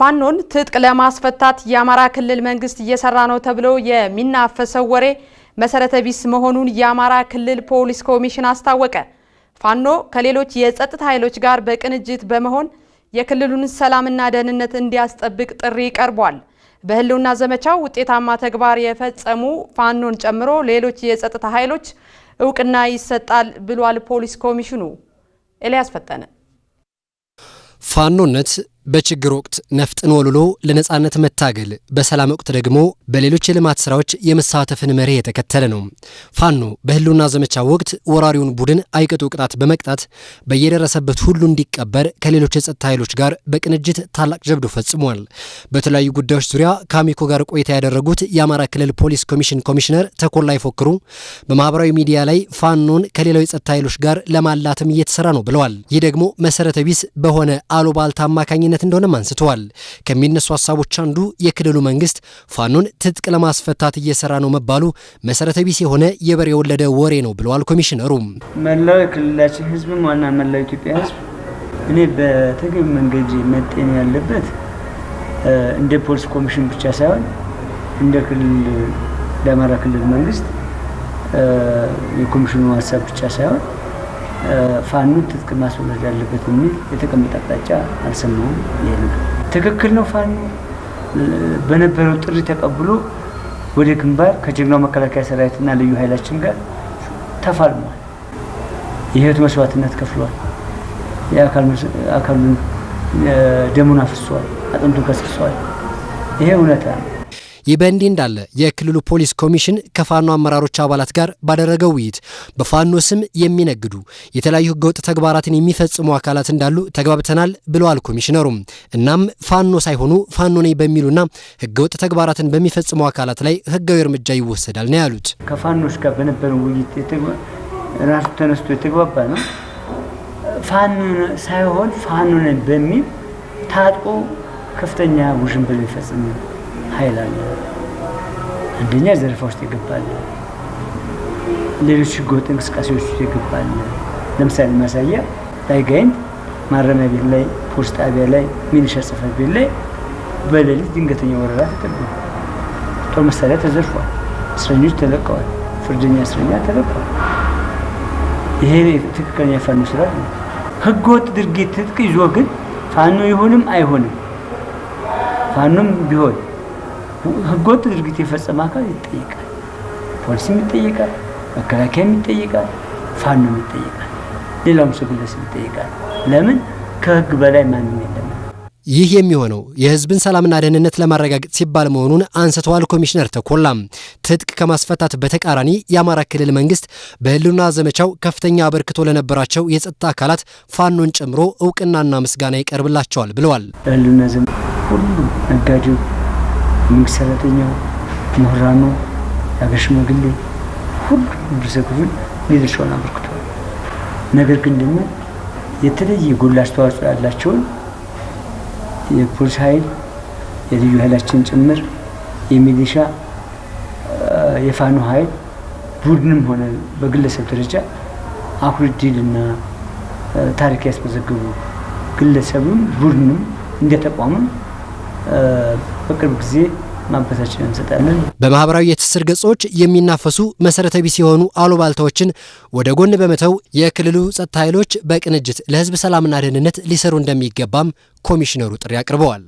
ፋኖን ትጥቅ ለማስፈታት የአማራ ክልል መንግስት እየሰራ ነው ተብሎ የሚናፈሰው ወሬ መሰረተ ቢስ መሆኑን የአማራ ክልል ፖሊስ ኮሚሽን አስታወቀ። ፋኖ ከሌሎች የጸጥታ ኃይሎች ጋር በቅንጅት በመሆን የክልሉን ሰላምና ደህንነት እንዲያስጠብቅ ጥሪ ቀርቧል። በህልውና ዘመቻው ውጤታማ ተግባር የፈጸሙ ፋኖን ጨምሮ ሌሎች የጸጥታ ኃይሎች እውቅና ይሰጣል ብሏል ፖሊስ ኮሚሽኑ። ኤልያስ ፈጠነ ፋኖነት በችግር ወቅት ነፍጥን ወልሎ ለነፃነት መታገል፣ በሰላም ወቅት ደግሞ በሌሎች የልማት ስራዎች የመሳተፍን መርህ የተከተለ ነው። ፋኖ በህልውና ዘመቻ ወቅት ወራሪውን ቡድን አይቀጡ ቅጣት በመቅጣት በየደረሰበት ሁሉ እንዲቀበር ከሌሎች የጸጥታ ኃይሎች ጋር በቅንጅት ታላቅ ጀብዶ ፈጽሟል። በተለያዩ ጉዳዮች ዙሪያ ከአሚኮ ጋር ቆይታ ያደረጉት የአማራ ክልል ፖሊስ ኮሚሽን ኮሚሽነር ተኮላ ይፎክሩ በማህበራዊ ሚዲያ ላይ ፋኖን ከሌላው የጸጥታ ኃይሎች ጋር ለማላትም እየተሰራ ነው ብለዋል። ይህ ደግሞ መሰረተ ቢስ በሆነ አሉባልታ አማካኝነት ያለበት እንደሆነም አንስተዋል። ከሚነሱ ሀሳቦች አንዱ የክልሉ መንግስት ፋኖን ትጥቅ ለማስፈታት እየሰራ ነው መባሉ መሰረተ ቢስ የሆነ የበሬ የወለደ ወሬ ነው ብለዋል ኮሚሽነሩ። መላው የክልላችን ህዝብም ዋና መላው ኢትዮጵያ ህዝብ እኔ በተገቢ መንገድ መጤን ያለበት እንደ ፖሊስ ኮሚሽን ብቻ ሳይሆን እንደ ክልል ለአማራ ክልል መንግስት የኮሚሽኑ ሀሳብ ብቻ ሳይሆን ፋኖን ትጥቅ ማስወለድ አለበት የሚል የተቀመጠ አቅጣጫ አልሰማውም ይሄ ትክክል ነው። ፋኖ በነበረው ጥሪ ተቀብሎ ወደ ግንባር ከጀግናው መከላከያ ሰራዊትና ልዩ ኃይላችን ጋር ተፋልሟል። የህይወት መስዋዕትነት ከፍሏል። የአካሉን ደሙን አፍሷል። አጥንቱን ከስክሷል። ይሄ እውነታ ነው። ይህ በእንዲህ እንዳለ የክልሉ ፖሊስ ኮሚሽን ከፋኖ አመራሮች አባላት ጋር ባደረገው ውይይት በፋኖ ስም የሚነግዱ የተለያዩ ህገወጥ ተግባራትን የሚፈጽሙ አካላት እንዳሉ ተግባብተናል ብለዋል ኮሚሽነሩም። እናም ፋኖ ሳይሆኑ ፋኖ ነኝ በሚሉና ህገወጥ ተግባራትን በሚፈጽሙ አካላት ላይ ህጋዊ እርምጃ ይወሰዳል ነው ያሉት። ከፋኖች ጋር በነበረው ውይይት ራሱ ተነስቶ የተግባባ ነው። ፋኖ ሳይሆን ፋኖ ነኝ በሚል ታጥቆ ከፍተኛ ውዥንብር ይፈጽም ነው። ኃይል አለ። አንደኛ ዘረፋ ውስጥ ይገባል፣ ሌሎች ህገወጥ እንቅስቃሴዎች ውስጥ ይገባል። ለምሳሌ ማሳያ ባይጋይንት ማረሚያ ቤት ላይ፣ ፖሊስ ጣቢያ ላይ፣ ሚሊሻ ጽሕፈት ቤት ላይ በሌሊት ድንገተኛ ወረራ ተጠብቋል። ጦር መሳሪያ ተዘርፏል። እስረኞች ተለቀዋል። ፍርደኛ እስረኛ ተለቀዋል። ይሄ ትክክለኛ የፋኖ ስራ ነው። ህገወጥ ድርጊት ትጥቅ ይዞ ግን ፋኖ ይሁንም አይሆንም ፋኖም ቢሆን ህገወጥ ድርጊት የፈጸመ አካል ይጠይቃል። ፖሊስም ይጠይቃል፣ መከላከያም ይጠይቃል፣ ፋኖም ይጠይቃል፣ ሌላውም ሰው ግለሰብ ይጠይቃል። ለምን ከህግ በላይ ማንም የለም። ይህ የሚሆነው የህዝብን ሰላምና ደህንነት ለማረጋገጥ ሲባል መሆኑን አንስተዋል ኮሚሽነር ተኮላም። ትጥቅ ከማስፈታት በተቃራኒ የአማራ ክልል መንግስት በህልውና ዘመቻው ከፍተኛ አበርክቶ ለነበራቸው የጸጥታ አካላት ፋኖን ጨምሮ እውቅናና ምስጋና ይቀርብላቸዋል ብለዋል። በህልውና ዘመቻ ሁሉ ነጋዴው የመንግስት ሰራተኛው፣ ምሁራኑ፣ የሀገር ሽማግሌ ሁሉ ህብረተሰብ ክፍል የድርሻውን አበርክቷል። ነገር ግን ደግሞ የተለየ ጎላ አስተዋጽኦ ያላቸውን የፖሊስ ኃይል የልዩ ኃይላችን ጭምር የሚሊሻ የፋኖ ኃይል ቡድንም ሆነ በግለሰብ ደረጃ አኩሪ ድልና ታሪክ ያስመዘግቡ ግለሰብም ቡድንም እንደ ተቋምም በቅርብ ጊዜ ማበሳችን እንሰጣለን። በማህበራዊ የትስስር ገጾች የሚናፈሱ መሰረተ ቢስ የሆኑ አሉባልታዎችን ወደ ጎን በመተው የክልሉ ጸጥታ ኃይሎች በቅንጅት ለህዝብ ሰላምና ደህንነት ሊሰሩ እንደሚገባም ኮሚሽነሩ ጥሪ አቅርበዋል።